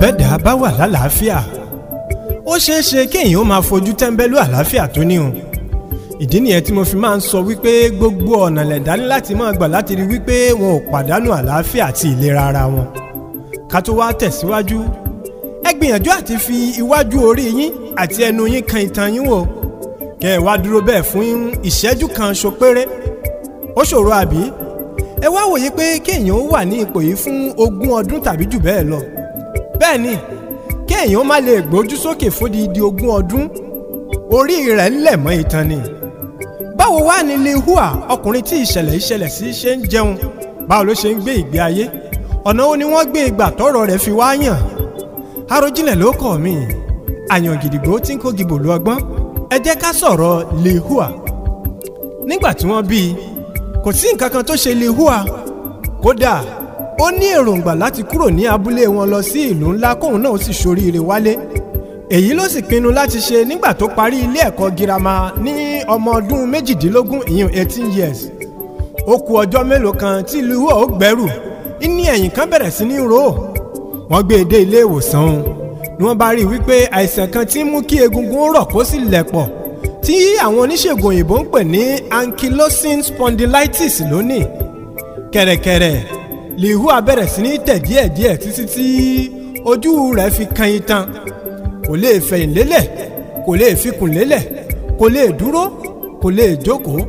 bẹ́ẹ̀dá bá wà lálàáfíà ó ṣeé ṣe kéèyàn ó máa fojú tẹ́ńbẹ́lú àlàáfíà tó ní o ìdí nìyẹn tí mo fi máa ń sọ wípé gbogbo ọ̀nà lẹ̀dá ní láti máa gbà láti rí wípé wọn ò pàdánù àlàáfíà àti ìlera ara wọn ká tó wá tẹ̀síwájú ẹ gbìyànjú àti fi iwájú orí yín àti ẹnu yín kan ìtàn yín wò kẹ́ ẹ wá dúró bẹ́ẹ̀ fún ìṣẹ́jú kan ṣo péré ó ṣòro àbí ẹ wá wòye pé kéèyàn wà ní ipò yìí fún ogún ọdún tàbí jù bẹ́ẹ̀ lọ bẹ́ẹ̀ ni kéèyàn má lè gbójú sókè fódìdí ogún ọdún orí rẹ̀ lẹ̀ mọ́ ìtàn ni báwo wá ní lehua ọkùnrin tí ìṣẹ̀lẹ̀ ìṣẹ̀lẹ̀ sí ṣe ń jẹun báwo ló ṣe ń gbé ìgbé ayé ọ̀nà wo ni wọ́n gbé ìgbà tọ́rọ̀ rẹ̀ fi wá yàn Àròjinlẹ̀ ló kọ̀ mí àyàn gidigbo tí ń kó gibò lu ọgbọ́n ẹ jẹ́ ká sọ̀rọ̀ lehua nígbà tí wọ́n bíi kò sí nǹkan kan tó ṣe Lehua kódà ó ní èròǹgbà láti kúrò ní abúlé wọn lọ sí ìlú ńlá kóun náà sì ṣoríire wálé èyí ló sì pinnu láti ṣe nígbà tó parí ilé ẹ̀kọ́ girama ní ọmọ ọdún méjìdínlógún ìyún eighteen years ó ku ọjọ́ mélòó kan tí Lehua ó gbẹ́rù ní ẹ̀yìn kan bẹ̀rẹ̀ sí ní ro wọ́n gbé e dé ilé ìwòsàn ni wọ́n bá rí i wípé àìsàn kan tí ń mú kí egungun rọ̀ kó sì lẹ̀ pọ̀ tí àwọn oníṣègùn òyìnbó ń pè ní ankylosing spondylitis lónìí kẹ̀rẹ̀kẹ̀rẹ̀ lìhùà bẹ̀rẹ̀ sí ní tẹ̀ díẹ̀díẹ̀ títí tí ojú rẹ̀ fi kan itan kò lè fẹ̀yìn lélẹ̀ kò lè fikùn lélẹ̀ kò lè dúró kò lè jókòó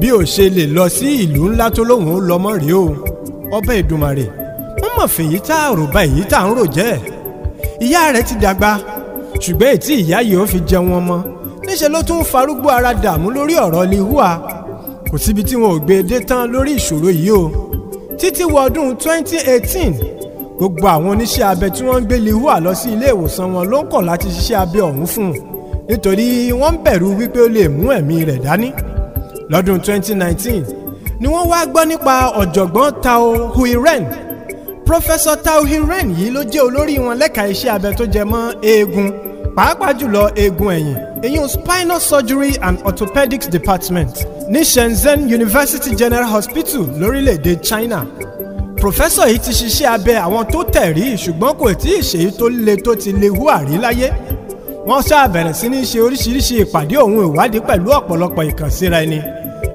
bí ò ṣe lè lọ sí ìlú ńlá tó lóun ó lọ o ọba Èdùmàrè wọ́n mọ̀ fèyí tá àròbá èyí tá à ń rò jẹ́ ìyá rẹ̀ ti dàgbà ṣùgbọ́n ètí ìyá yìí ó fi jẹun ọmọ níṣẹ́ ló tún ń farúgbó ara dààmú lórí ọ̀rọ̀ lihua kò síbi tí wọn ò gbé dé tán lórí ìṣòro yìí o títí wọ ọdún 2018 gbogbo àwọn oníṣẹ́ abẹ tí wọ́n ń gbé lihua lọ sí ilé ìwòsàn wọn ló ń kọ̀ láti ṣiṣẹ́ abẹ ọ̀hún fún un nítorí wọ́n ń bẹ̀rù wípé ó lè mú ẹ̀mí rẹ̀ dání lọ́dún 2019 ni wọ́n wá gbọ́ nípa ọ̀jọ̀gbọ́n Tao Huiren Professor Tao Huiren yìí ló jẹ́ olórí wọn lẹ́ka iṣẹ́ abẹ tó jẹ mọ́ eegun pàápàá jùlọ eegun ẹ̀yìn ìyún spinal surgery and orthopedics department ní shenzhen university general hospital lórílẹ̀‐èdè china Professor yìí ti ṣiṣẹ́ abẹ àwọn tó tẹ̀ rí ṣùgbọ́n kò tí ì ṣèyí tó le tó ti le hú àrí láyé wọ́n ṣáà bẹ̀rẹ̀ sí ní ṣe oríṣiríṣi ìpàdé òun ìwádìí pẹ̀lú ọ̀pọ̀lọpọ̀ ìkànsíra ẹni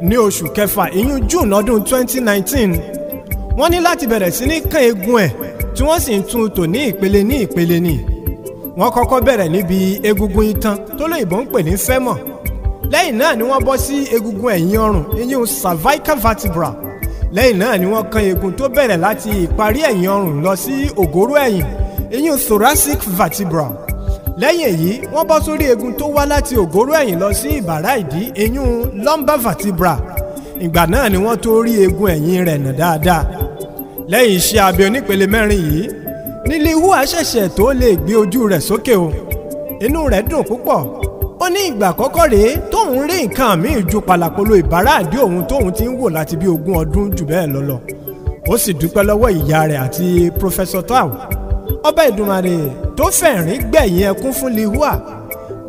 ní oṣù kẹfà ìyún june ọdún 2019 wọ́n ní láti bẹ̀rẹ̀ sí ní kán eegun ẹ̀ tí wọ́n sì ń tún un tò ní ìpele ní ìpele ní wọ́n kọ́kọ́ bẹ̀rẹ̀ níbi egungun itan tó lóyìnbó ń pè ní femur lẹ́yìn náà ni wọ́n bọ́ sí egungun ẹ̀yìn ọrùn ìyún cervical vertebra lẹ́yìn náà ni wọ́n kan egun tó bẹ̀rẹ̀ láti ìparí ẹ̀yìn ọrùn lọ sí ògóró ẹ̀yìn ìyún thoracic vertebra lẹ́yìn èyí wọ́n bọ́ sórí egun tó wá láti ògóró ẹ̀yìn lọ sí ìbàrá ìdí ìyún lumbar vertebra ìgbà náà ni wọ́n tó rí egun ẹ̀yìn rẹ̀ nà dáadáa lẹ́yìn iṣẹ́ abẹ onípele mẹ́rin yìí Niliwua ṣẹ̀ṣẹ̀ tó lè gbé ojú rẹ̀ sókè o inú rẹ̀ dùn púpọ̀ ó ní ìgbà àkọ́kọ́ rèé tóun rí nǹkan míì ju pàlàpolo ìbáraàdé òun tóun ti ń wò láti bí ogún ọdún jù bẹ́ẹ̀ lọ lọ ó sì dúpẹ́ lọ́wọ́ ìyá rẹ̀ àti pọfẹsọ tao ọba ìdùmarè tó fẹ̀rín gbẹ̀yìn ẹkún fún Lihua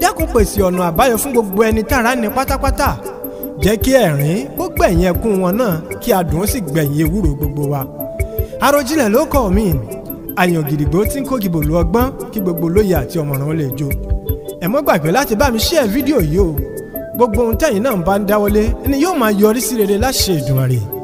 dẹ́kun pèsè ọ̀nà àbáyọ fún gbogbo ẹni tára ní pátápátá jẹ́ kí ẹ̀rín kó gbẹ̀yìn ẹkún wọn náà kí adùn ó sì gbẹ̀yìn ewúro gbogbo wa Àròjinlẹ̀ ló kọ́ mi ni àyàn gidigbo tí ń kó gìbò lu ọgbọ́n kí gbogbo olóye àti ọmọràn ó lè jó ẹ mọ́ gbàgbé láti bá mi share fídíò yìí o gbogbo ohun tẹ̀yin náà bá ń dáwọ́lé ni yóò máa yọrí sí rere láṣẹ Èdùmàrè